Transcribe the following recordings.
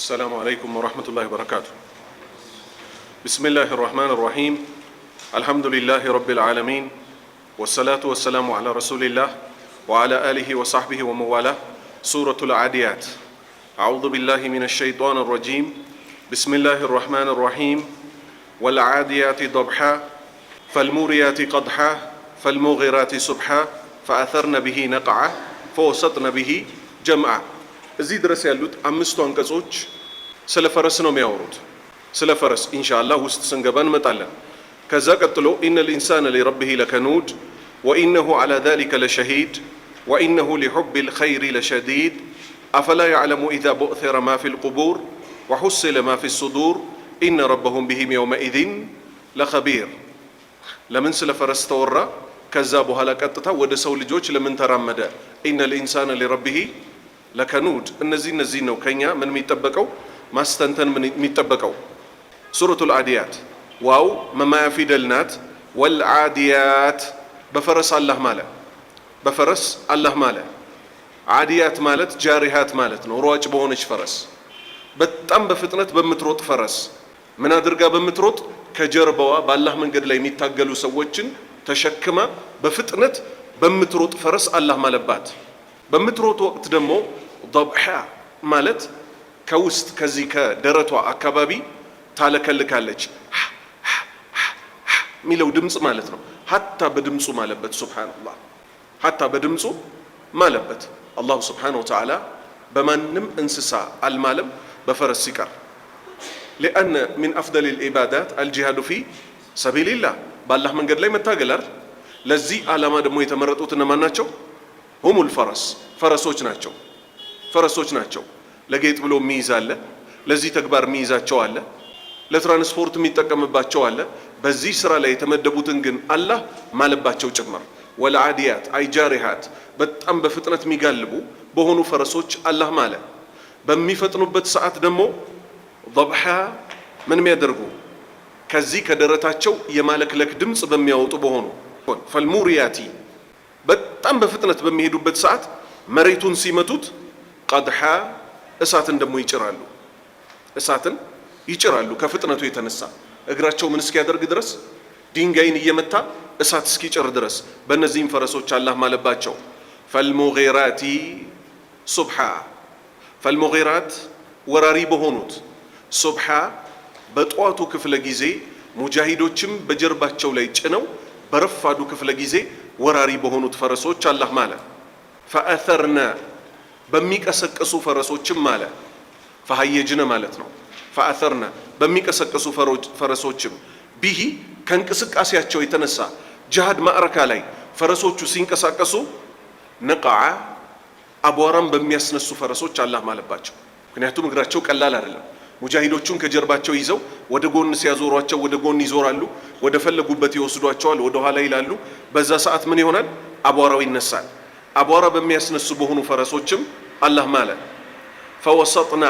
السلام عليكم ورحمة الله وبركاته بسم الله الرحمن الرحيم الحمد لله رب العالمين والصلاة والسلام على رسول الله وعلى آله وصحبه وموالاه سورة العاديات أعوذ بالله من الشيطان الرجيم بسم الله الرحمن الرحيم والعاديات ضبحا فالموريات قدحا فالمغيرات سبحا فأثرن به نقعا فوسطن به جمعا እዚህ ድረስ ያሉት አምስቱ አንቀጾች ስለ ፈረስ ነው የሚያወሩት። ስለ ፈረስ ኢንሻአላህ ውስጥ ስንገባ እንመጣለን። ከዛ ቀጥሎ ኢነ ልኢንሳነ ሊረቢሂ ለከኑድ ወኢነሁ ዓላ ዛሊከ ለሸሂድ ወኢነሁ ሊሑብ ልኸይሪ ለሸዲድ አፈላ ያዕለሙ ኢዛ ቡዕሲረ ማ ፊ ልቁቡር ወሑስለ ማ ፊ ሱዱር ኢነ ረበሁም ብሂም የውመኢዝን ለኸቢር። ለምን ስለ ፈረስ ተወራ? ከዛ በኋላ ቀጥታ ወደ ሰው ልጆች ለምን ተራመደ? ኢነ ልኢንሳነ ሊረቢሂ ለከኑድ እነዚህ እነዚህ ነው ከኛ ምን የሚጠበቀው ማስተንተን ምን የሚጠበቀው ሱረቱል አዲያት ዋው መማያ ፊደል ናት ወልአዲያት በፈረስ አላህ ማለ በፈረስ አላህ ማለ አዲያት ማለት ጃሪሃት ማለት ነው ሯጭ በሆነች ፈረስ በጣም በፍጥነት በምትሮጥ ፈረስ ምን አድርጋ በምትሮጥ ከጀርባዋ በአላህ መንገድ ላይ የሚታገሉ ሰዎችን ተሸክማ በፍጥነት በምትሮጥ ፈረስ አላህ ማለባት በምትሮጥ ወቅት ደግሞ ضبح ማለት ከውስጥ ከዚህ ከደረቷ አካባቢ ታለከልካለች የሚለው ድምፅ ማለት ነው። ሀታ በድምፁ ማለበት ሱብሓነላህ፣ ሀታ በድምፁ ማለበት። አላሁ ሱብሓነሁ ወተዓላ በማንም እንስሳ አልማለም በፈረስ ሲቀር። ሊአነ ሚን አፍደል ልዒባዳት አልጂሃዱ ፊ ሰቢልላህ፣ በአላህ መንገድ ላይ መታገላል። ለዚህ ዓላማ ደግሞ የተመረጡት እነማን ናቸው? ሁሙል ፈረስ ፈረሶች ናቸው። ፈረሶች ናቸው። ለጌጥ ብሎ የሚይዝ አለ፣ ለዚህ ተግባር የሚይዛቸው አለ፣ ለትራንስፖርት የሚጠቀምባቸው አለ። በዚህ ስራ ላይ የተመደቡትን ግን አላህ ማለባቸው ጭምር ወለአዲያት አይጃሪሃት በጣም በፍጥነት የሚጋልቡ በሆኑ ፈረሶች አላህ ማለ። በሚፈጥኑበት ሰዓት ደግሞ ضبحا ምን የሚያደርጉ ከዚህ ከደረታቸው የማለክለክ ድምፅ በሚያወጡ በሆኑ ፈልሙሪያቲ በጣም በፍጥነት በሚሄዱበት ሰዓት መሬቱን ሲመቱት ቀድሓ እሳትን ደግሞ ይጭራሉ። እሳትን ይጭራሉ ከፍጥነቱ የተነሳ እግራቸው ምን እስኪያደርግ ድረስ ድንጋይን እየመታ እሳት እስኪጭር ድረስ። በእነዚህም ፈረሶች አላህ ማለባቸው ፈልሙጌራቲ ሱብሓ፣ ፈልሙጌራት ወራሪ በሆኑት ሱብሓ፣ በጠዋቱ ክፍለ ጊዜ ሙጃሂዶችም በጀርባቸው ላይ ጭነው በረፋዱ ክፍለ ጊዜ ወራሪ በሆኑት ፈረሶች አላህ ማለ። ፈአተርነ በሚቀሰቅሱ ፈረሶችም አለ። ፈሀየጅነ ማለት ነው። ፈአተርነ በሚቀሰቅሱ ፈረሶችም ቢሂ ከእንቅስቃሴያቸው የተነሳ ጅሃድ ማዕረካ ላይ ፈረሶቹ ሲንቀሳቀሱ ነቃ አቧራም በሚያስነሱ ፈረሶች አላህ ማለባቸው። ምክንያቱም እግራቸው ቀላል አይደለም። ሙጃሂዶቹን ከጀርባቸው ይዘው ወደ ጎን ሲያዞሯቸው ወደ ጎን ይዞራሉ፣ ወደ ፈለጉበት ይወስዷቸዋል፣ ወደ ኋላ ይላሉ። በዛ ሰዓት ምን ይሆናል? አቧራው ይነሳል። አቧራ በሚያስነሱ በሆኑ ፈረሶችም አላህ ማለ ፈወሰጥና።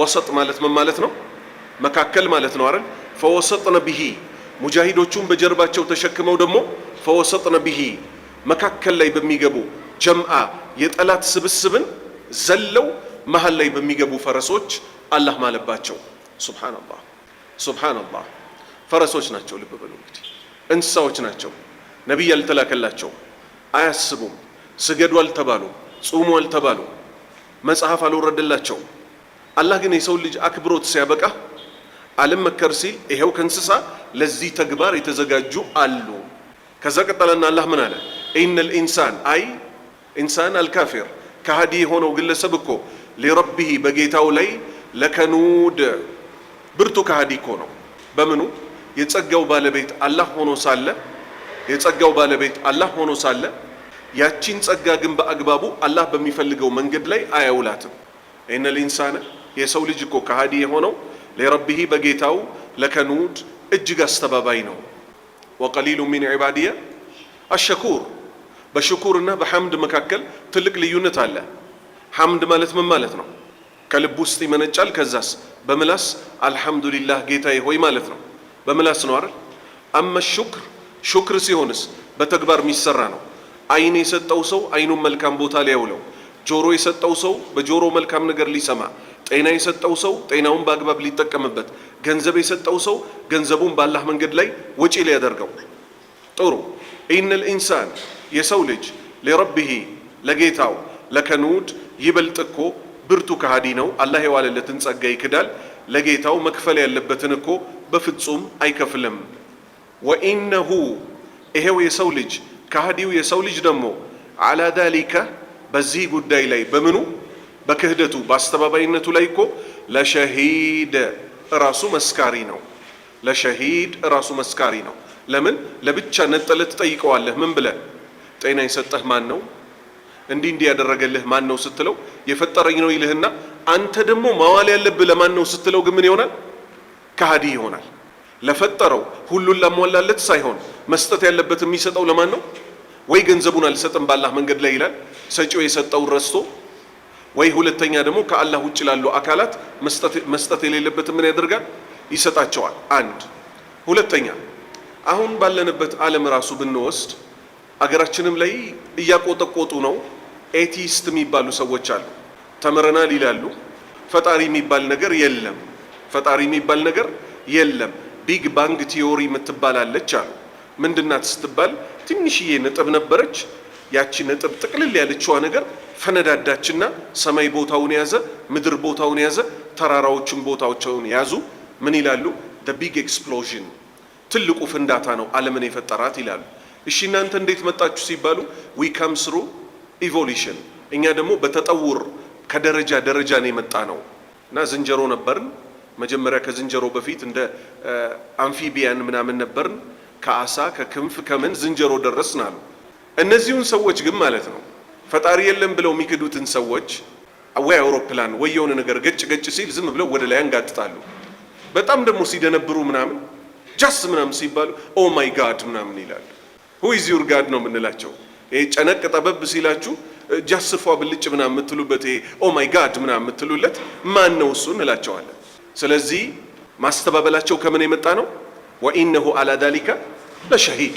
ወሰጥ ማለት ምን ማለት ነው? መካከል ማለት ነው አይደል? ፈወሰጥነ ብሂ ሙጃሂዶቹን በጀርባቸው ተሸክመው ደግሞ ፈወሰጥነ ብሂ መካከል ላይ በሚገቡ ጀምአ የጠላት ስብስብን ዘለው መሀል ላይ በሚገቡ ፈረሶች አላህ ማለባቸው። ሱብሓነላህ ሱብሓነላህ። ፈረሶች ናቸው፣ ልብ በሉ እንግዲህ እንስሳዎች ናቸው። ነቢይ አልተላከላቸው፣ አያስቡም፣ ስገዱ አልተባሉ፣ ጹሙ አልተባሉ፣ መጽሐፍ አልወረደላቸው። አላህ ግን የሰው ልጅ አክብሮት ሲያበቃ አለም መከር ሲል ይሄው ከእንስሳ ለዚህ ተግባር የተዘጋጁ አሉ። ከዛ ቀጠለና አላህ ምን አለ? ኢነል ኢንሳን አይ ኢንሳን አልካፊር ከሃዲ የሆነው ግለሰብ እኮ ሊረቢሂ በጌታው ላይ ለከኑድ ብርቱ ከሃዲ እኮ ነው። በምኑ የጸጋው ባለቤት አላህ ሆኖ ሳለ የጸጋው ባለቤት አላህ ሆኖ ሳለ ያቺን ጸጋ ግን በአግባቡ አላህ በሚፈልገው መንገድ ላይ አያውላትም። እነ ልኢንሳነ የሰው ልጅ እኮ ከሃዲ የሆነው ሊረቢሂ በጌታው ለከኑድ እጅግ አስተባባይ ነው። ወቀሊሉ ሚን ዒባዲየ አሸኩር በሽኩርና በሐምድ መካከል ትልቅ ልዩነት አለ። ሐምድ ማለት ምን ማለት ነው? ከልብ ውስጥ ይመነጫል። ከዛስ በምላስ አልሐምዱሊላህ ጌታዬ ሆይ ማለት ነው። በምላስ ነው አይደል? አመ ሹክር ሹክር ሲሆንስ በተግባር የሚሰራ ነው። አይን የሰጠው ሰው አይኑን መልካም ቦታ ሊያውለው፣ ጆሮ የሰጠው ሰው በጆሮ መልካም ነገር ሊሰማ፣ ጤና የሰጠው ሰው ጤናውን በአግባብ ሊጠቀምበት፣ ገንዘብ የሰጠው ሰው ገንዘቡን በአላህ መንገድ ላይ ወጪ ሊያደርገው። ጥሩ ኢነል ኢንሳን የሰው ልጅ ሊረቢሂ ለጌታው ለከኑድ ይበልጥ እኮ ብርቱ ከሃዲ ነው። አላህ የዋለለትን ጸጋ ይክዳል። ለጌታው መክፈል ያለበትን እኮ በፍጹም አይከፍልም። ወኢነሁ ይሄው የሰው ልጅ ከሃዲው የሰው ልጅ ደግሞ አላ ዛሊከ በዚህ ጉዳይ ላይ በምኑ በክህደቱ በአስተባባይነቱ ላይ እኮ ለሸሂድ እራሱ መስካሪ ነው። ለሸሂድ እራሱ መስካሪ ነው። ለምን ለብቻ ነጠለ ትጠይቀዋለህ? ምን ብለህ ጤና የሰጠህ ማን ነው? እንዲህ እንዲህ ያደረገልህ ማን ነው ስትለው የፈጠረኝ ነው ይልህና አንተ ደግሞ ማዋል ያለብህ ለማን ነው ስትለው ግን ምን ይሆናል? ከሃዲ ይሆናል። ለፈጠረው ሁሉን ላሟላለት ሳይሆን መስጠት ያለበት የሚሰጠው ለማን ነው? ወይ ገንዘቡን አልሰጥም ባላህ መንገድ ላይ ይላል፣ ሰጪው የሰጠውን ረስቶ፣ ወይ ሁለተኛ ደግሞ ከአላህ ውጭ ላሉ አካላት መስጠት የሌለበት ምን ያደርጋል? ይሰጣቸዋል። አንድ ሁለተኛ አሁን ባለንበት ዓለም ራሱ ብንወስድ አገራችንም ላይ እያቆጠቆጡ ነው። ኤቲስት የሚባሉ ሰዎች አሉ። ተምረናል ይላሉ። ፈጣሪ የሚባል ነገር የለም፣ ፈጣሪ የሚባል ነገር የለም። ቢግ ባንግ ቲዮሪ የምትባላለች አሉ። ምንድናት ስትባል ትንሽዬ ነጥብ ነበረች። ያቺ ነጥብ ጥቅልል ያለችዋ ነገር ፈነዳዳችና ሰማይ ቦታውን ያዘ፣ ምድር ቦታውን ያዘ፣ ተራራዎችን ቦታቸውን ያዙ። ምን ይላሉ? ቢግ ኤክስፕሎዥን ትልቁ ፍንዳታ ነው ዓለምን የፈጠራት ይላሉ። እሺ እናንተ እንዴት መጣችሁ ሲባሉ ዊ ካም ስሩ ኢቮሉሽን፣ እኛ ደግሞ በተጠውር ከደረጃ ደረጃ ነው የመጣ ነው እና ዝንጀሮ ነበርን። መጀመሪያ ከዝንጀሮ በፊት እንደ አምፊቢያን ምናምን ነበርን። ከአሳ ከክንፍ ከምን ዝንጀሮ ደረስን አሉ። እነዚሁን ሰዎች ግን ማለት ነው ፈጣሪ የለም ብለው የሚክዱትን ሰዎች ወይ አውሮፕላን ወይ የሆነ ነገር ገጭ ገጭ ሲል ዝም ብለው ወደ ላይ አንጋጥጣሉ። በጣም ደግሞ ሲደነብሩ ምናምን ጃስ ምናምን ሲባሉ ኦ ማይ ጋድ ምናምን ይላሉ። ሁይዝ ዩር ጋድ ነው የምንላቸው። ይሄ ጨነቅ ጠበብ ሲላችሁ ጃስፏ ብልጭ ምና የምትሉበት ይሄ ኦ ማይ ጋድ ምና የምትሉለት ማን ነው እሱ እንላቸዋለን። ስለዚህ ማስተባበላቸው ከምን የመጣ ነው? ወኢነሁ አላ ዛሊከ ለሸሂድ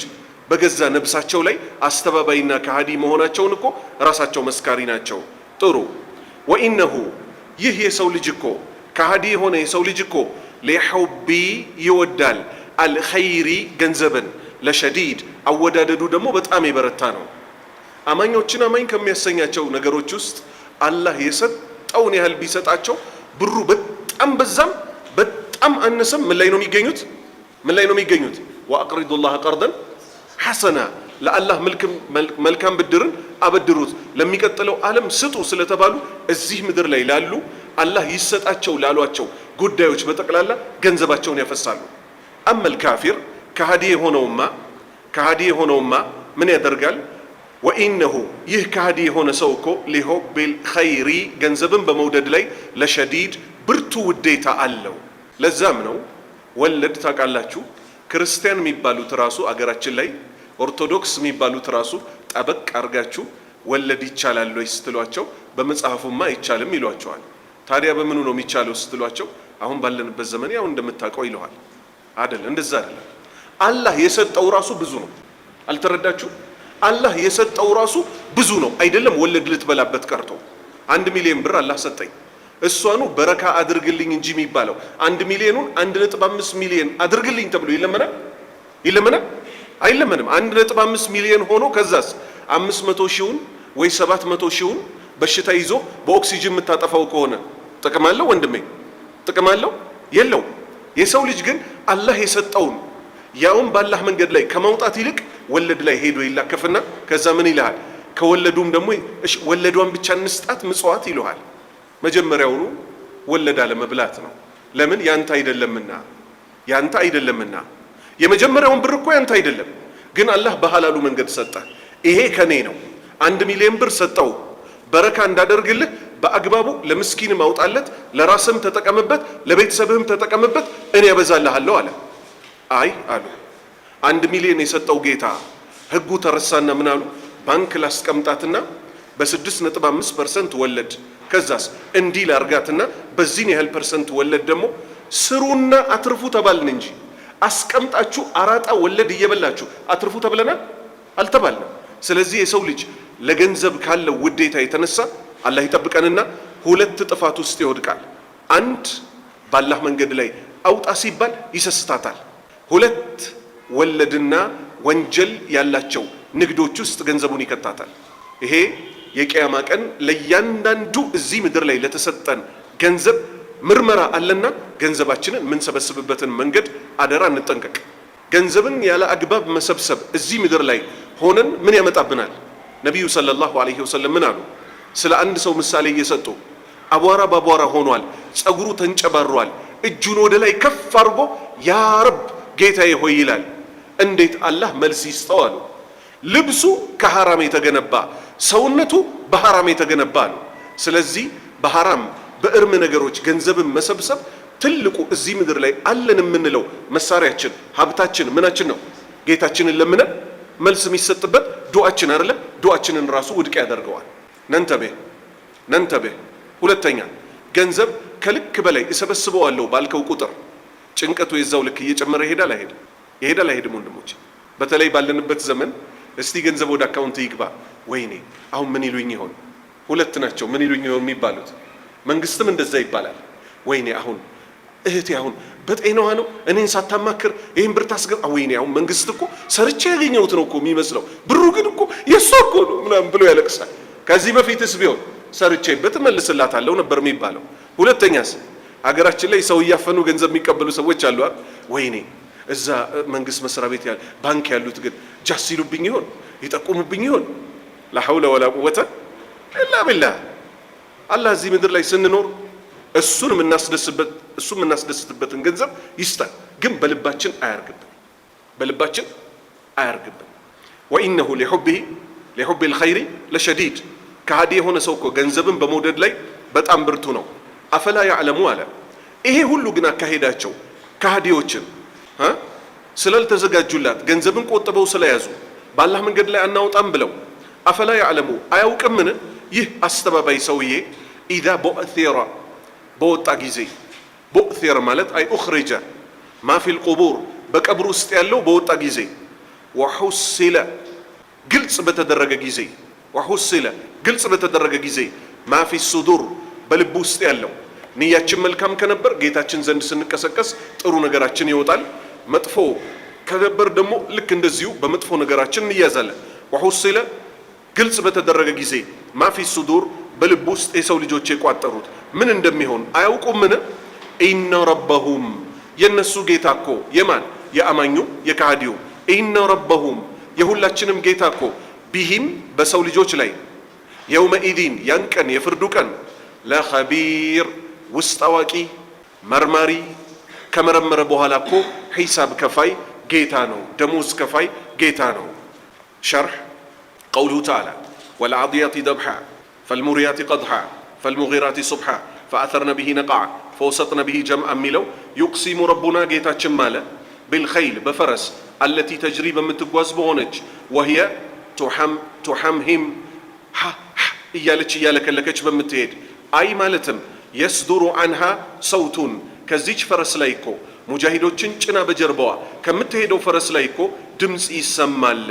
በገዛ ነብሳቸው ላይ አስተባባይና ከሃዲ መሆናቸውን እኮ ራሳቸው መስካሪ ናቸው። ጥሩ ወኢነሁ ይህ የሰው ልጅ እኮ ከሃዲ የሆነ የሰው ልጅ እኮ ለሑቢ ይወዳል አልኸይሪ ገንዘብን ለሸዲድ አወዳደዱ ደግሞ በጣም የበረታ ነው። አማኞችን አማኝ ከሚያሰኛቸው ነገሮች ውስጥ አላህ የሰጠውን ያህል ቢሰጣቸው ብሩ በጣም በዛም በጣም አነሰም ምን ላይ ነው የሚገኙት? ምን ላይ ነው የሚገኙት? ወአቅሪዱ ላህ ቀርደን ሐሰና ለአላህ መልካም ብድርን አበድሩት ለሚቀጥለው ዓለም ስጡ ስለተባሉ እዚህ ምድር ላይ ላሉ አላህ ይሰጣቸው ላሏቸው ጉዳዮች በጠቅላላ ገንዘባቸውን ያፈሳሉ። አመል ካፊር ከሃዲ የሆነውማ ከሃዲ የሆነውማ ምን ያደርጋል? ወኢነሁ ይህ ከሃዲ የሆነ ሰው እኮ ሊሆቢል ኸይሪ ገንዘብን በመውደድ ላይ ለሸዲድ ብርቱ ውዴታ አለው። ለዛም ነው ወለድ ታውቃላችሁ፣ ክርስቲያን የሚባሉት ራሱ አገራችን ላይ ኦርቶዶክስ የሚባሉት ራሱ ጠበቅ አድርጋችሁ ወለድ ይቻላል ወይ ስትሏቸው በመጽሐፉማ አይቻልም ይሏቸዋል። ታዲያ በምኑ ነው የሚቻለው ስትሏቸው አሁን ባለንበት ዘመን ያው እንደምታውቀው ይለዋል። አደለ? እንደዛ አደለም። አላህ የሰጠው ራሱ ብዙ ነው። አልተረዳችሁ? አላህ የሰጠው ራሱ ብዙ ነው። አይደለም ወለድ ልትበላበት ቀርቶ አንድ ሚሊዮን ብር አላህ ሰጠኝ እሷኑ በረካ አድርግልኝ እንጂ የሚባለው አንድ ሚሊዮኑን አንድ ነጥብ አምስት ሚሊዮን አድርግልኝ ተብሎ ይለመናል? ይለመናል? አይለመንም። አንድ ነጥብ አምስት ሚሊዮን ሆኖ ከዛስ አምስት መቶ ሺውን ወይ ሰባት መቶ ሺውን በሽታ ይዞ በኦክሲጅን የምታጠፋው ከሆነ ጥቅም አለው ወንድሜ? ጥቅም አለው የለው? የሰው ልጅ ግን አላህ የሰጠውን ያውም ባላህ መንገድ ላይ ከመውጣት ይልቅ ወለድ ላይ ሄዶ ይላከፍና ከዛ ምን ይልሃል? ከወለዱም ደግሞ ወለዷን ብቻ እንስጣት ምጽዋት ይልሃል። መጀመሪያውኑ ወለድ አለመብላት ነው። ለምን ያንተ አይደለምና ያንተ አይደለምና የመጀመሪያውን ብር እኮ ያንተ አይደለም፣ ግን አላህ በሐላሉ መንገድ ሰጠ። ይሄ ከኔ ነው። አንድ ሚሊዮን ብር ሰጠው በረካ እንዳደርግልህ በአግባቡ ለምስኪን አውጣለት፣ ለራስህም ተጠቀምበት፣ ለቤተሰብህም ተጠቀምበት፣ እኔ ያበዛልሃለሁ አለ። አይ አሉ አንድ ሚሊዮን የሰጠው ጌታ ህጉ ተረሳና ምን አሉ ባንክ ላስቀምጣትና በ6.5 ፐርሰንት ወለድ ከዛስ እንዲህ ላርጋትና በዚህን ያህል ፐርሰንት ወለድ ደግሞ ስሩና አትርፉ ተባልን እንጂ አስቀምጣችሁ አራጣ ወለድ እየበላችሁ አትርፉ ተብለናል አልተባልንም። ስለዚህ የሰው ልጅ ለገንዘብ ካለው ውዴታ የተነሳ አላህ ይጠብቀንና ሁለት ጥፋት ውስጥ ይወድቃል። አንድ በአላህ መንገድ ላይ አውጣ ሲባል ይሰስታታል። ሁለት ወለድና ወንጀል ያላቸው ንግዶች ውስጥ ገንዘቡን ይከታታል። ይሄ የቅያማ ቀን ለእያንዳንዱ እዚህ ምድር ላይ ለተሰጠን ገንዘብ ምርመራ አለና ገንዘባችንን የምንሰበስብበትን መንገድ አደራ እንጠንቀቅ። ገንዘብን ያለ አግባብ መሰብሰብ እዚህ ምድር ላይ ሆነን ምን ያመጣብናል? ነቢዩ ሰለላሁ ዐለይሂ ወሰለም ምን አሉ? ስለ አንድ ሰው ምሳሌ እየሰጡ አቧራ በአቧራ ሆኗል፣ ፀጉሩ ተንጨባሯል፣ እጁን ወደ ላይ ከፍ አድርጎ ያ ረብ ጌታዬ ሆይ ይላል። እንዴት አላህ መልስ ይስጠው አሉ። ልብሱ ከሐራም የተገነባ ሰውነቱ በሐራም የተገነባ ነው። ስለዚህ በሐራም በእርም ነገሮች ገንዘብን መሰብሰብ ትልቁ እዚህ ምድር ላይ አለን የምንለው መሳሪያችን፣ ሀብታችን፣ ምናችን ነው። ጌታችንን ለምነን መልስ የሚሰጥበት ዱዓችን አይደለ? ዱዓችንን ራሱ ውድቅ ያደርገዋል። ነንተቤ ነንተቤ። ሁለተኛ ገንዘብ ከልክ በላይ እሰበስበዋለሁ ባልከው ቁጥር ጭንቀቱ የዛው ልክ እየጨመረ ይሄዳል አይሄድም? ይሄዳል አይሄድም? ወንድሞች በተለይ ባለንበት ዘመን እስቲ ገንዘብ ወደ አካውንት ይግባ፣ ወይኔ አሁን ምን ይሉኝ ይሆን? ሁለት ናቸው ምን ይሉኝ ይሆን የሚባሉት። መንግስትም እንደዛ ይባላል፣ ወይኔ አሁን እህቴ አሁን በጤናዋ ነው እኔን ሳታማክር ይህን ብር ታስገባ። ወይኔ አሁን መንግስት እኮ ሰርቼ ያገኘሁት ነው እኮ የሚመስለው ብሩ ግን እኮ የእሷ እኮ ነው ምናምን ብሎ ያለቅሳል። ከዚህ በፊትስ ቢሆን ሰርቼ እመልስላታለሁ ነበር የሚባለው። ሁለተኛስ ሀገራችን ላይ ሰው እያፈኑ ገንዘብ የሚቀበሉ ሰዎች አሉ። ወይኔ እዛ መንግስት መስሪያ ቤት ያለ ባንክ ያሉት ግን ጃስ ይሉብኝ ይሆን ይጠቁሙብኝ ይሆን? ላሐውለ ወላ ቁወተ ኢላ ቢላህ። አላህ እዚህ ምድር ላይ ስንኖር እሱን የምናስደስበት እሱን የምናስደስትበትን ገንዘብ ይስጠን፣ ግን በልባችን አያርግብን፣ በልባችን አያርግብን። ወኢነሁ ሊሑቢሂ ሊሑቢል ኸይሪ ለሸዲድ። ከሃዲ የሆነ ሰው እኮ ገንዘብን በመውደድ ላይ በጣም ብርቱ ነው። አፈላ ያዕለሙ አለ። ይሄ ሁሉ ግን አካሄዳቸው ከሃዲዎችን ስላልተዘጋጁላት ገንዘብን ቆጥበው ስለያዙ በአላህ መንገድ ላይ አናወጣም ብለው አፈላ ያዕለሙ አያውቅምን? ይህ አስተባባይ ሰውዬ ኢዛ ቦእቴራ በወጣ ጊዜ ቦእቴር ማለት አይ ኡኽሪጀ ማ ቁቡር በቀብር ውስጥ ያለው በወጣ ጊዜ ወሑሲለ ግልጽ በተደረገ ጊዜ ወሑሲለ ግልጽ በተደረገ ጊዜ ማ ሱዱር በልብ ውስጥ ያለው ንያችን መልካም ከነበር ጌታችን ዘንድ ስንቀሰቀስ ጥሩ ነገራችን ይወጣል። መጥፎ ከነበር ደግሞ ልክ እንደዚሁ በመጥፎ ነገራችን እንያዛለን። ወሑሲለ ግልጽ በተደረገ ጊዜ ማፊ ሱዱር በልብ ውስጥ የሰው ልጆች የቋጠሩት ምን እንደሚሆን አያውቁምን? ኢነ ረበሁም የነሱ ጌታ እኮ የማን የአማኙ የካሃዲው ኢነ ረበሁም የሁላችንም ጌታ እኮ ቢሂም በሰው ልጆች ላይ የውመኢዲን ያን ቀን የፍርዱ ቀን ለኸቢር ውስጥ አዋቂ መርማሪ ከመረመረ በኋላ እኮ ሂሳብ ከፋይ ጌታ ነው፣ ደሞዝ ከፋይ ጌታ ነው። ሸርሕ ቀውሉሁ ተዓላ ወልዓዲያቲ ደብሓ ፈልሙርያቲ ቀድሓ ፈልሙጊራቲ ሱብሓ ፈአተርነ ብሂ ነቃ ፈወሰጥነ ብሂ ጀምአ የሚለው ዩቅሲሙ ረቡና ጌታችን ማለ ቢልኸይል በፈረስ አለቲ ተጅሪ በምትጓዝ በሆነች ወህየ ቱሐምሂም እያለች እያለከለከች በምትሄድ አይ ማለትም የስዱሩ አንሃ ሰውቱን ከዚች ፈረስ ላይ እኮ ሙጃሂዶችን ጭና በጀርባዋ ከምትሄደው ፈረስ ላይ እኮ ድምፅ ይሰማል።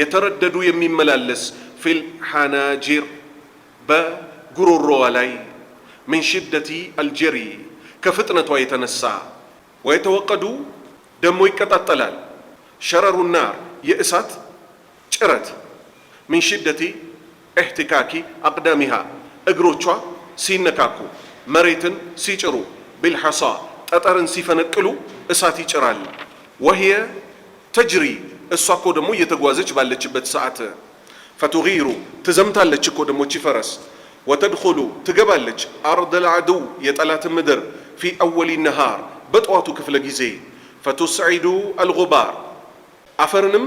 የተረደዱ የሚመላለስ ፊል ሐናጅር በጉሮሮዋ ላይ ምን ሽደቲ አልጀሪ ከፍጥነቷ የተነሳ ወየተወቀዱ ደሞ ይቀጣጠላል። ሸረሩ ናር የእሳት ጭረት ምን ሽደቲ እሕትካኪ አቅዳሚሃ እግሮቿ ሲነካኩ፣ መሬትን ሲጭሩ፣ ቢልሐሳ ጠጠርን ሲፈነቅሉ እሳት ይጭራል። ወህየ ተጅሪ እሷ እኮ ደግሞ እየተጓዘች ባለችበት ሰዓት ፈቱጊሩ ትዘምታለች እኮ ደግሞ ፈረስ ወተድኹሉ ትገባለች አርደል አድው የጠላትን ምድር ፊ አወሊ ነሃር በጠዋቱ ክፍለ ጊዜ ፈቱስዒዱ አልጉባር አፈርንም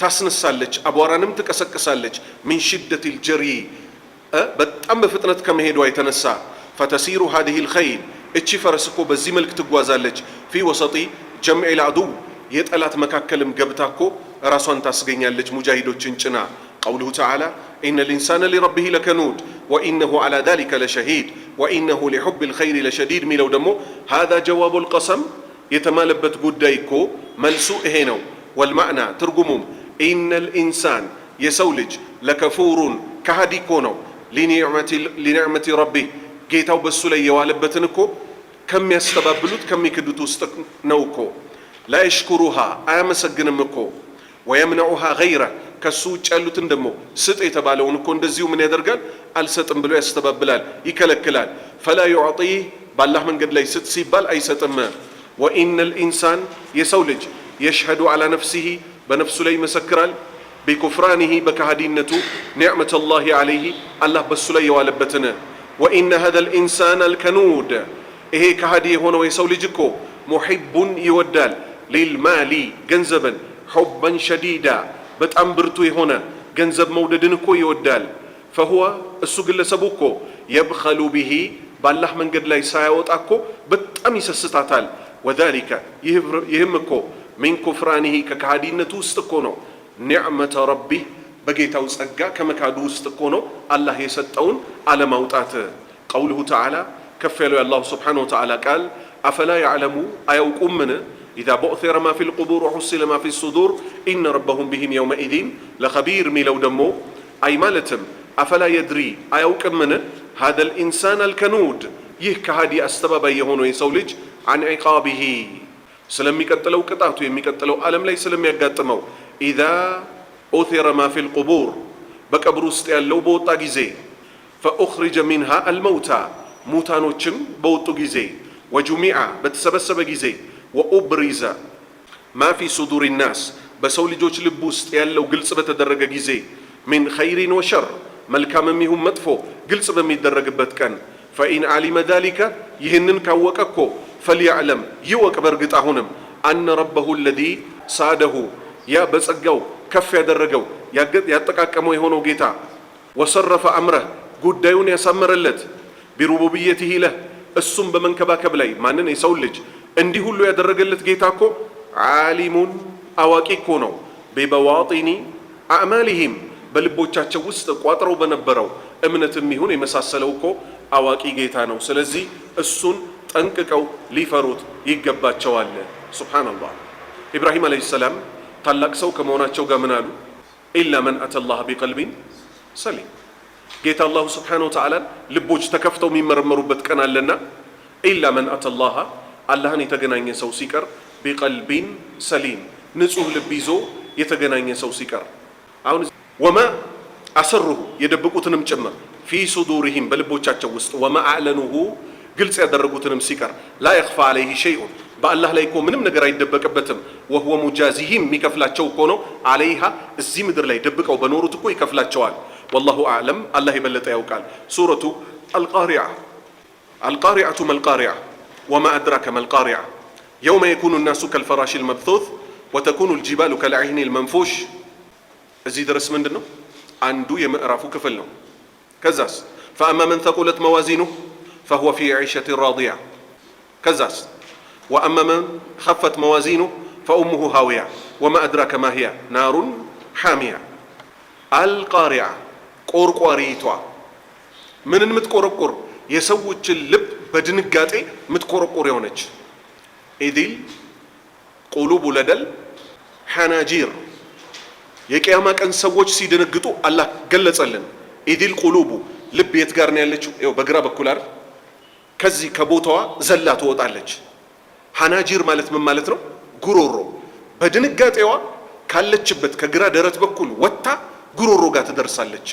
ታስነሳለች አቧራንም ትቀሰቅሳለች ሚን ሽደት ልጀሪ በጣም በፍጥነት ከመሄዷ የተነሳ ፈተሲሩ ሀዲህ ልኸይል እቺ ፈረስ እኮ በዚህ መልክ ትጓዛለች ፊ ወሰጢ ጀምዕ ልአዱው የጠላት መካከልም ገብታ እኮ ራሷን ታስገኛለች ሙጃሂዶችን ጭና قوله تعالى إن الإنسان لربه لكنود وإنه على ذلك لشهيد وإنه لحب الخير لشديد ميلو دمو هذا جواب القسم يتمالبت قدايكو ملسو هينو والمعنى ترجمهم إن الإنسان يسولج لكفور كهديكونو ሊኒዕመቲ ረቢህ ጌታው በሱ ላይ የዋለበትን እኮ ከሚያስተባብሉት ከሚክዱት ውስጥ ነው እኮ። ላየሽኩሩሃ አያመሰግንም እኮ። ወየምነዑሃ ገይረ ከሱ ውጭ ያሉትን ደግሞ ስጥ የተባለውን እኮ እንደዚሁ ምን ያደርጋል? አልሰጥም ብሎ ያስተባብላል፣ ይከለክላል። ፈላ ዩዕጢህ በአላህ መንገድ ላይ ስጥ ሲባል አይሰጥም። ወኢነ ልኢንሳን የሰው ልጅ የሽሀዱ ዓላ ነፍሲሂ በነፍሱ ላይ ይመሰክራል ቢኩፍራኒሂ በከሃዲነቱ ኒዕመተላሂ ዓለይሂ አላህ በሱ ላይ የዋለበትን ወኢነ ሀዘል ኢንሳን አልከኑድ ይሄ ከሃዲ የሆነው የሰው ልጅ እኮ ሙሒቡን ይወዳል ሊልማሊ ገንዘብን ሑበን ሸዲዳ በጣም ብርቱ የሆነ ገንዘብ መውደድን እኮ ይወዳል። ፈሁወ እሱ ግለሰቡ እኮ የብኸሉ ብሂ ባላህ መንገድ ላይ ሳያወጣ እኮ በጣም ይሰስታታል። ወዛሊከ ይህም እኮ ሚን ኩፍራኒሂ ከከሃዲነቱ ውስጥ እኮ ነው ኒዕመተ ረቢህ በጌታው ጸጋ ከመካዱ ውስጥ እኮ ነው አላህ የሰጠውን አለማውጣት። ቀውልሁ ተዓላ ከፍ ያለው የአላሁ ስብሓነሁ ወተዓላ ቃል አፈላ ያዕለሙ አያውቁምን ኢዛ ቦእቴረ ማ ፊ ልቁቡር ወሑሲለ ማ ፊ ሱዱር ኢነ ረበሁም ቢሂም የውመኢዲን ለኸቢር ሚለው ደግሞ አይ ማለትም አፈላ የድሪ አያውቅምን ሃደ ልኢንሳን አልከኑድ ይህ ከሃዲ አስተባባይ የሆነው የሰው ልጅ አን ዒቃቢሂ ስለሚቀጥለው ቅጣቱ የሚቀጥለው ዓለም ላይ ስለሚያጋጥመው ኢዛ ኡቲረ ማ ፊል ቁቡር በቀብር ውስጥ ያለው በወጣ ጊዜ ፈኡኽሪጀ ሚንሃ አልመውታ ሙታኖችም በወጡ ጊዜ ወጁሚዓ በተሰበሰበ ጊዜ ወኡብሪዘ ማ ፊ ሱዱር ናስ በሰው ልጆች ልብ ውስጥ ያለው ግልጽ በተደረገ ጊዜ ሚን ኸይሪን ወሸር መልካምም ይሁን መጥፎ ግልጽ በሚደረግበት ቀን ፈኢን ዓሊመ ዛሊከ ይህንን ካወቀ እኮ ፈልያዕለም ይወቅ በእርግጥ አሁንም አነ ረበሁ አለዚ ሳደሁ ያ በጸጋው ከፍ ያደረገው ያጠቃቀመው የሆነው ጌታ ወሰረፈ አምረህ ጉዳዩን ያሳመረለት ቢሩቡብየት ለህ እሱም በመንከባከብ ላይ ማንን የሰው ልጅ እንዲህ ሁሉ ያደረገለት ጌታ እኮ ዓሊሙን አዋቂ እኮ ነው። ቢበዋጢኒ አዕማሊሂም በልቦቻቸው ውስጥ ቋጥረው በነበረው እምነትም ይሁን የመሳሰለው እኮ አዋቂ ጌታ ነው። ስለዚህ እሱን ጠንቅቀው ሊፈሩት ይገባቸዋል። ሱብሓነላህ ኢብራሂም ዓለይሂ ሰላም ታላቅ ሰው ከመሆናቸው ጋር ምን አሉ? ኢላ መን አተላህ ቢቀልቢን ሰሊም። ጌታ አላሁ ስብሓነሁ ወተዓላን ልቦች ተከፍተው የሚመረመሩበት ቀን አለና ኢላ መን አተላሃ አላህን የተገናኘ ሰው ሲቀር ቢቀልቢን ሰሊም ንጹህ ልብ ይዞ የተገናኘ ሰው ሲቀር አሁን ወማ አሰሩሁ የደብቁትንም ጭምር ፊ ሱዱሪሂም በልቦቻቸው ውስጥ ወማ አዕለኑሁ ግልጽ ያደረጉትንም ሲቀር ላ የኽፋ ዓለይህ ሸይኡን በአላህ ላይ እኮ ምንም ነገር አይደበቅበትም። ወህወ ሙጃዚሂም የሚከፍላቸው እኮ ነው። አለይሃ እዚህ ምድር ላይ ደብቀው በኖሩት እኮ ይከፍላቸዋል። ወላሁ አዕለም፣ አላህ የበለጠ ያውቃል። ሱረቱ አልቃሪዓ አልቃሪዓቱ መልቃሪዓ ወማ አድራከ መልቃሪዓ የውመ የኩኑ ናሱ ከልፈራሽ ልመብቶት ወተኩኑ ልጅባሉ ከልዐይኒ ልመንፎሽ። እዚህ ድረስ ምንድን ነው አንዱ የምዕራፉ ክፍል ነው። ከዛስ ፈአማ መን ተቁለት መዋዚኑሁ ፈሁወ ፊ ዒሸትን ራዲያ ከዛስ ወአማ መን ኸፈት መዋዚኑ ፈኡሙሁ ሃውያ ወማ አድራከ ማህያ ናሩን ሐሚያ አልቃሪያ ቆርቋሪቷ ምንን ምትቆረቁር የሰዎችን ልብ በድንጋጤ የምትቆረቁር የሆነች ኢዲል ቁሉቡ ለደል ሐናጂር የቅያማ ቀን ሰዎች ሲደነግጡ አላህ ገለጸልን። ኢዲል ቁሉቡ ልብ የት ጋር ነው ያለችው? ው በግራ በኩል አይደል? ከዚህ ከቦታዋ ዘላ ትወጣለች። ሐናጅር ማለት ምን ማለት ነው? ጉሮሮ። በድንጋጤዋ ካለችበት ከግራ ደረት በኩል ወጥታ ጉሮሮ ጋር ትደርሳለች።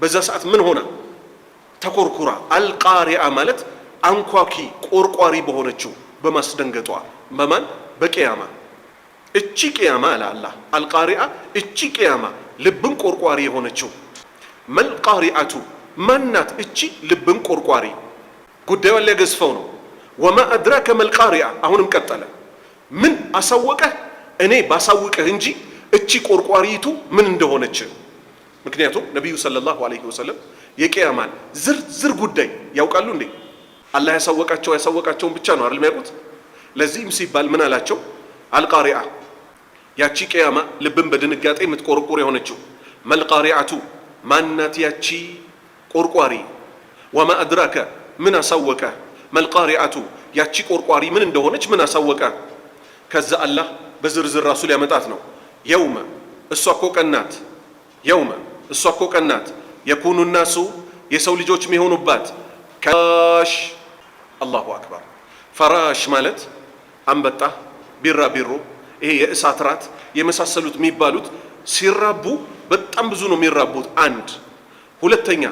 በዛ ሰዓት ምን ሆና ተኮርኩራ። አልቃሪአ ማለት አንኳኪ ቆርቋሪ በሆነችው በማስደንገጧ በማን በቅያማ እቺ ቅያማ አለ አላህ። አልቃሪአ እቺ ቅያማ ልብን ቆርቋሪ የሆነችው መልቃሪአቱ ማናት? እቺ ልብን ቆርቋሪ ጉዳዩን ሊያገዝፈው ነው። ወማ አድራከ መልቃሪያ አሁንም ቀጠለ። ምን አሳወቀህ? እኔ ባሳውቅህ እንጂ እቺ ቆርቋሪቱ ምን እንደሆነች። ምክንያቱም ነቢዩ ሰለላሁ ዐለይሂ ወሰለም የቅያማን ዝርዝር ጉዳይ ያውቃሉ። እንዴ አላህ ያሳወቃቸው ያሳወቃቸውን ብቻ ነው አይደል የሚያውቁት። ለዚህም ሲባል ምን አላቸው? አልቃሪአ ያቺ ቅያማ ልብን በድንጋጤ የምትቆርቁር የሆነችው መልቃሪአቱ ማናት? ያቺ ቆርቋሪ ወማ አድራከ ምን አሳወቀህ መልቃሪአቱ ያቺ ቆርቋሪ ምን እንደሆነች ምን አሳወቀ? ከዛ አላህ በዝርዝር ራሱ ሊያመጣት ነው። የውመ እሷ እኮ ቀናት፣ የውመ እሷ እኮ ቀናት የኩኑ ናሱ የሰው ልጆች የሚሆኑባት ከሽ አላሁ አክበር። ፈራሽ ማለት አንበጣ፣ ቢራቢሮ፣ ይሄ የእሳት ራት የመሳሰሉት የሚባሉት ሲራቡ በጣም ብዙ ነው የሚራቡት። አንድ ሁለተኛ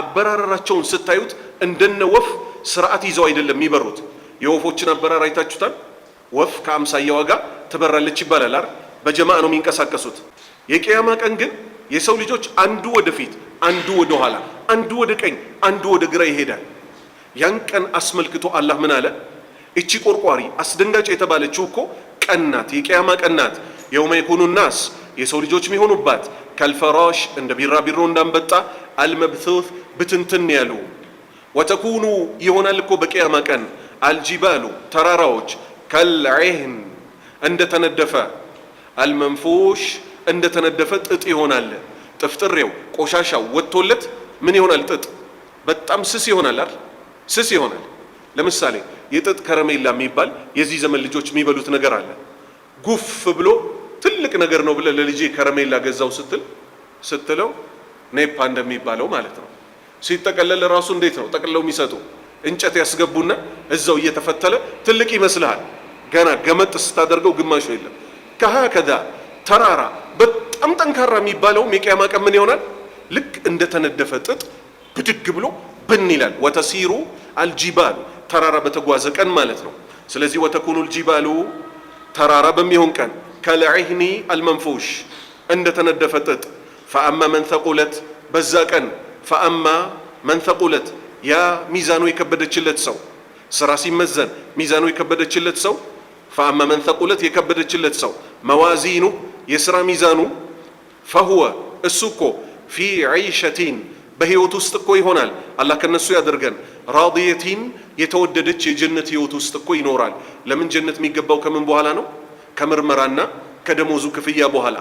አበራረራቸውን ስታዩት እንደነ ወፍ ስርዓት ይዘው አይደለም የሚበሩት። የወፎችን አበራር አይታችሁታል። ወፍ ከአምሳያዋ ጋር ትበራለች ይባላል አር በጀማዕ ነው የሚንቀሳቀሱት። የቅያማ ቀን ግን የሰው ልጆች አንዱ ወደፊት፣ አንዱ ወደ ኋላ፣ አንዱ ወደ ቀኝ፣ አንዱ ወደ ግራ ይሄዳል። ያን ቀን አስመልክቶ አላህ ምን አለ? እቺ ቆርቋሪ አስደንጋጭ የተባለችው እኮ ቀን የቅያማ ቀናት የውመ የኩኑ ናስ የሰው ልጆች የሚሆኑባት፣ ከልፈራሽ እንደ ቢራቢሮ እንዳንበጣ፣ አልመብቱት ብትንትን ያሉ ወተኩኑ ይሆናል እኮ በቅያማ ቀን አልጂባሉ ተራራዎች ከልዕህን እንደተነደፈ አልመንፎሽ እንደተነደፈ ጥጥ ይሆናል። ጥፍጥሬው ቆሻሻው ወጥቶለት ምን ይሆናል? ጥጥ በጣም ስስ ይሆናል አይደል? ስስ ይሆናል። ለምሳሌ የጥጥ ከረሜላ የሚባል የዚህ ዘመን ልጆች የሚበሉት ነገር አለ። ጉፍ ብሎ ትልቅ ነገር ነው ብለ ለልጄ ከረሜላ ገዛው ስትል ስትለው ኔፓ እንደሚባለው ማለት ነው። ሲጠቀለል ራሱ እንዴት ነው ጠቅልለው የሚሰጡ? እንጨት ያስገቡና እዛው እየተፈተለ ትልቅ ይመስልሃል። ገና ገመጥ ስታደርገው ግማሹ የለም። ከሀከዛ ተራራ በጣም ጠንካራ የሚባለውም የቅያማ ቀን ምን ይሆናል? ልክ እንደተነደፈ ጥጥ ብድግ ብሎ ብን ይላል። ወተሲሩ አልጂባሉ ተራራ በተጓዘ ቀን ማለት ነው። ስለዚህ ወተኩኑ አልጂባሉ ተራራ በሚሆን ቀን ከልዕህኒ አልመንፉሽ እንደተነደፈ ጥጥ ፈአማ መን ተቁለት በዛ ቀን ፈአማ መንተቁለት ያ ሚዛኑ የከበደችለት ሰው ስራ ሲመዘን ሚዛኑ የከበደችለት ሰው ፈአማ መንተቁለት የከበደችለት ሰው መዋዚኑ የስራ ሚዛኑ ፈሁወ እሱ እኮ ፊ ዒሸቲን በህይወት ውስጥ እኮ ይሆናል። አላህ ከነሱ ያደርገን። ራዲየቲን የተወደደች የጀነት ህይወት ውስጥ እኮ ይኖራል። ለምን ጀነት የሚገባው ከምን በኋላ ነው? ከምርመራና ከደሞዙ ክፍያ በኋላ።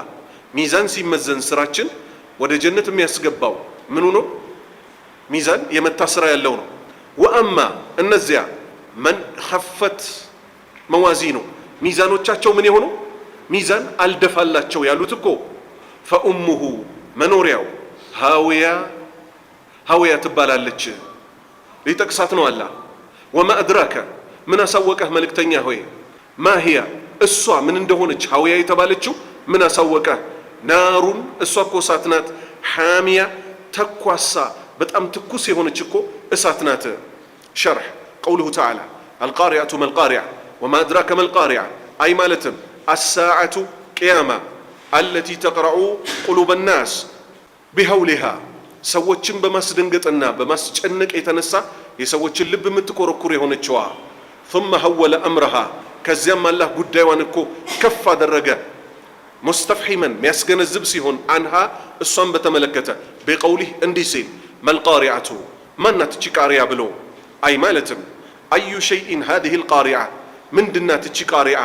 ሚዛን ሲመዘን ስራችን ወደ ጀነት የሚያስገባው ምኑ ነው? ሚዛን የመታ ስራ ያለው ነው። ወአማ እነዚያ መን ኸፈት መዋዚ ነው ሚዛኖቻቸው ምን የሆኑ ሚዛን አልደፋላቸው ያሉት እኮ ፈኡሙሁ መኖሪያው ሃውያ ሃውያ ትባላለች። ሊጠቅሳት ነው አላ ወማ አድራከ ምን አሳወቀህ መልእክተኛ ሆይ ማህያ እሷ ምን እንደሆነች ሃውያ የተባለችው ምን አሳወቀህ ናሩን እሷ እኮ እሳት ናት ሐሚያ ተኳሳ በጣም ትኩስ የሆነች እኮ እሳት ናት። ሸርሕ ቀውልሁ ተዓላ አልቃሪያቱ መልቃሪያ ወማ አድራከ መልቃሪያ አይ ማለትም አሳዓቱ ቅያማ አለቲ ተቅረዑ ቁሉበ ናስ ቢሀውሊሃ ሰዎችን በማስደንገጥና በማስጨነቅ የተነሳ የሰዎችን ልብ የምትኮረኩር የሆነችዋ ثመ ሀወለ አምረሃ ከዚያም አላህ ጉዳይዋን እኮ ከፍ አደረገ። ሙስተፍሒመን የሚያስገነዝብ ሲሆን አንሃ እሷን በተመለከተ ቢቀውሊህ እንዲህ ሲል መልቃሪዓቱ ማናት እቺ ቃሪያ ብሎ አይ ማለትም አዩ ሸይኢን ሃዚህ ልቃሪዓ ምንድናት እቺ ቃሪዓ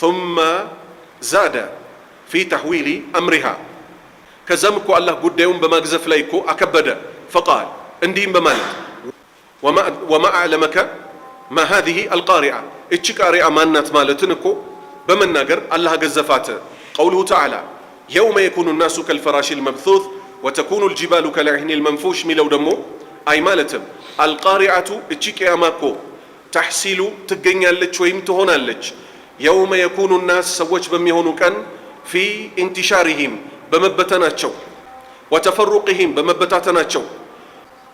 ثመ ዛደ ፊ ተህዊሊ አምሪሃ ከዛም እኮ አላህ ጉዳዩን በማግዘፍ ላይ እኮ አከበደ ፈቃል እንዲህም በማለት ወማ አዕለመከ ማ ሃዚህ አልቃሪዓ እቺ ቃሪዓ ማናት ማለትን እኮ በመናገር አላህ ገዘፋት ቀውሉሁ ተዓላ የውመ የኩኑ ናሱ ከልፈራሽ ልመብሱት ወተኩኑ ልጅባሉ ከልዕህኒ ልመንፉሽ የሚለው ደግሞ አይ ማለትም አልቃሪዓቱ እቺ ቅያማ እኮ ተሕሲሉ ትገኛለች ወይም ትሆናለች። የውመ የኩኑ ናስ ሰዎች በሚሆኑ ቀን ፊ ኢንቲሻሪሂም በመበተናቸው፣ ወተፈሩቅሂም በመበታተናቸው፣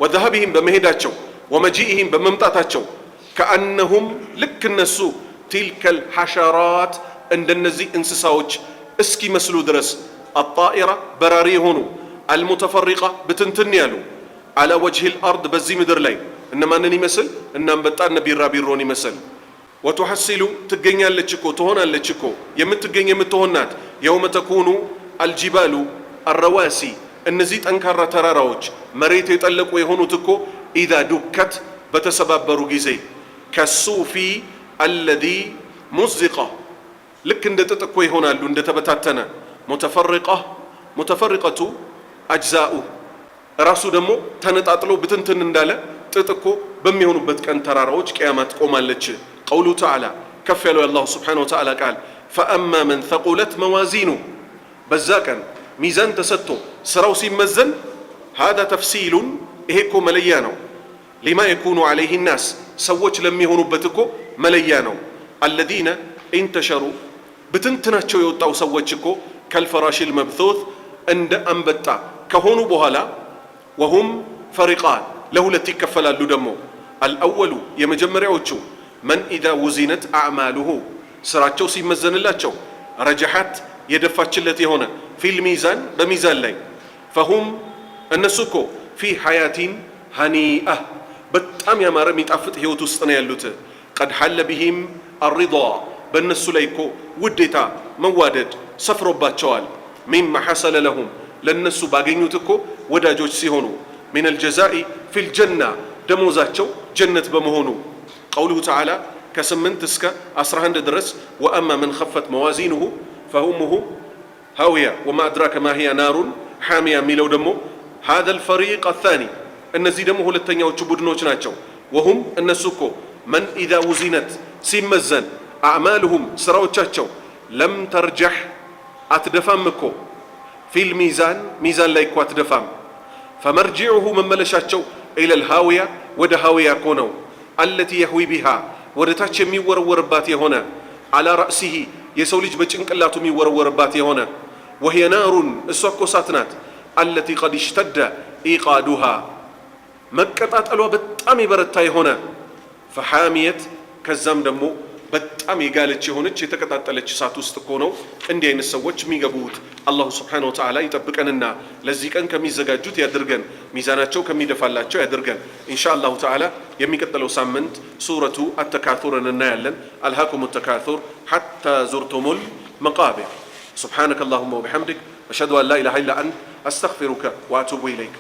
ወዘሀብሂም በመሄዳቸው፣ ወመጂኢሂም በመምጣታቸው ከአነሁም ልክ እነሱ ቲልከል ሐሸራት እንደነዚህ እንስሳዎች እስኪ መስሉ ድረስ አጣኢራ በራሪ የሆኑ አልሙተፈሪቃ ብትንትን ያሉ አለ ወጅሂል አርድ በዚህ ምድር ላይ እነማንን ይመስል እነ አንበጣን ቢራቢሮን ይመስል ወቱሐሲሉ ትገኛለች እኮ ትሆናለች እኮ የምትገኝ የምትሆናት የውመ ተኩኑ አልጂባሉ አረዋሲ እነዚህ ጠንካራ ተራራዎች መሬት የጠለቁ የሆኑት እኮ ኢዛ ዱከት በተሰባበሩ ጊዜ ከሱፊ አለዚ ሙዚቃ ልክ እንደ ጥጥ እኮ ይሆናሉ እንደተበታተነ ሙተፈሪቃ ሙተፈሪቀቱ አጅዛኡ ራሱ ደግሞ ተነጣጥሎ ብትንትን እንዳለ ጥጥ እኮ በሚሆኑበት ቀን ተራራዎች ቅያማ ትቆማለች። ቀውሉ ተዓላ ከፍ ያለው የአላሁ ስብሓነሁ ወተዓላ ቃል ፈአማ መን ተቁለት መዋዚኑ በዛ ቀን ሚዛን ተሰጥቶ ስራው ሲመዘን ሃዳ ተፍሲሉን ይሄ እኮ መለያ ነው። ሊማ የኩኑ ዓለይህ ናስ ሰዎች ለሚሆኑበት እኮ መለያ ነው። አለዚነ ኢንተሸሩ ብትንትናቸው የወጣው ሰዎች እኮ ከልፈራሽል መብቶት እንደ አንበጣ ከሆኑ በኋላ ወሁም ፈሪቃን ለሁለት ይከፈላሉ። ደግሞ አልአወሉ የመጀመሪያዎቹ መን ኢዛ ውዚነት አዕማሉሁ ስራቸው ሲመዘንላቸው ረጀሓት የደፋችለት የሆነ ፊል ሚዛን በሚዛን ላይ ፈሁም እነሱ እኮ ፊ ሐያቲን ሀኒአ በጣም ያማረ የሚጣፍጥ ህይወት ውስጥ ነው ያሉት። ቀድ ሐለ ቢሂም አሪዷ በእነሱ ላይ እኮ ውዴታ መዋደድ ሰፍሮባቸዋል። ሚም ሐሰለ ለሁም ለእነሱ ባገኙት እኮ ወዳጆች ሲሆኑ ሚነል ጀዛኢ ፊል ደሞዛቸው ጀነት በመሆኑ ቀውሉሁ ተዓላ ከስምንት እስከ አስራ አንድ ድረስ ወአማ መን ኸፈት መዋዚኑሁ ፈኡሙሁ ሃውያ ወማ አድራከ ማሂያ ናሩን ሓሚያ የሚለው ደግሞ ሃዘ ልፈሪቅ አታኒ እነዚህ ደግሞ ሁለተኛዎቹ ቡድኖች ናቸው። ወሁም እነሱ እኮ መን ኢዛ ውዚነት ሲመዘን አዕማልሁም ስራዎቻቸው ለም ተርጀሕ አትደፋም እኮ ፊል ሚዛን ሚዛን ላይ እኮ አትደፋም። ፈመርጂዑሁ መመለሻቸው ኢለል ሃውያ ወደ ሃውያ እኮ ነው። አለቲ የህዊ ቢሃ ወደ ታች የሚወረወርባት የሆነ አላ ራእሲሂ የሰው ልጅ በጭንቅላቱ የሚወረወርባት የሆነ ወህየ ናሩን እሷ እኮ እሳት ናት። አለቲ ቀድ ሽተደ ኢቃዱሃ መቀጣጠሏ በጣም የበረታ የሆነ ፈሓሚየት ከዛም ደግሞ በጣም የጋለች የሆነች የተቀጣጠለች እሳት ውስጥ እኮ ነው እንዲህ አይነት ሰዎች የሚገቡት። አላሁ ስብሓነ ወተዓላ ይጠብቀንና ለዚህ ቀን ከሚዘጋጁት ያድርገን፣ ሚዛናቸው ከሚደፋላቸው ያድርገን። ኢንሻ አላሁ ተዓላ የሚቀጥለው ሳምንት ሱረቱ አተካቱርን እናያለን። አልሃኩም ተካቱር ሐታ ዙርቱሙል መቃብር። ሱብሓነከ አላሁማ ወቢሐምድክ አሽሀዱ አን ላ ኢላሃ ኢላ አንት አስተግፊሩከ ወአቱቡ ኢለይክ።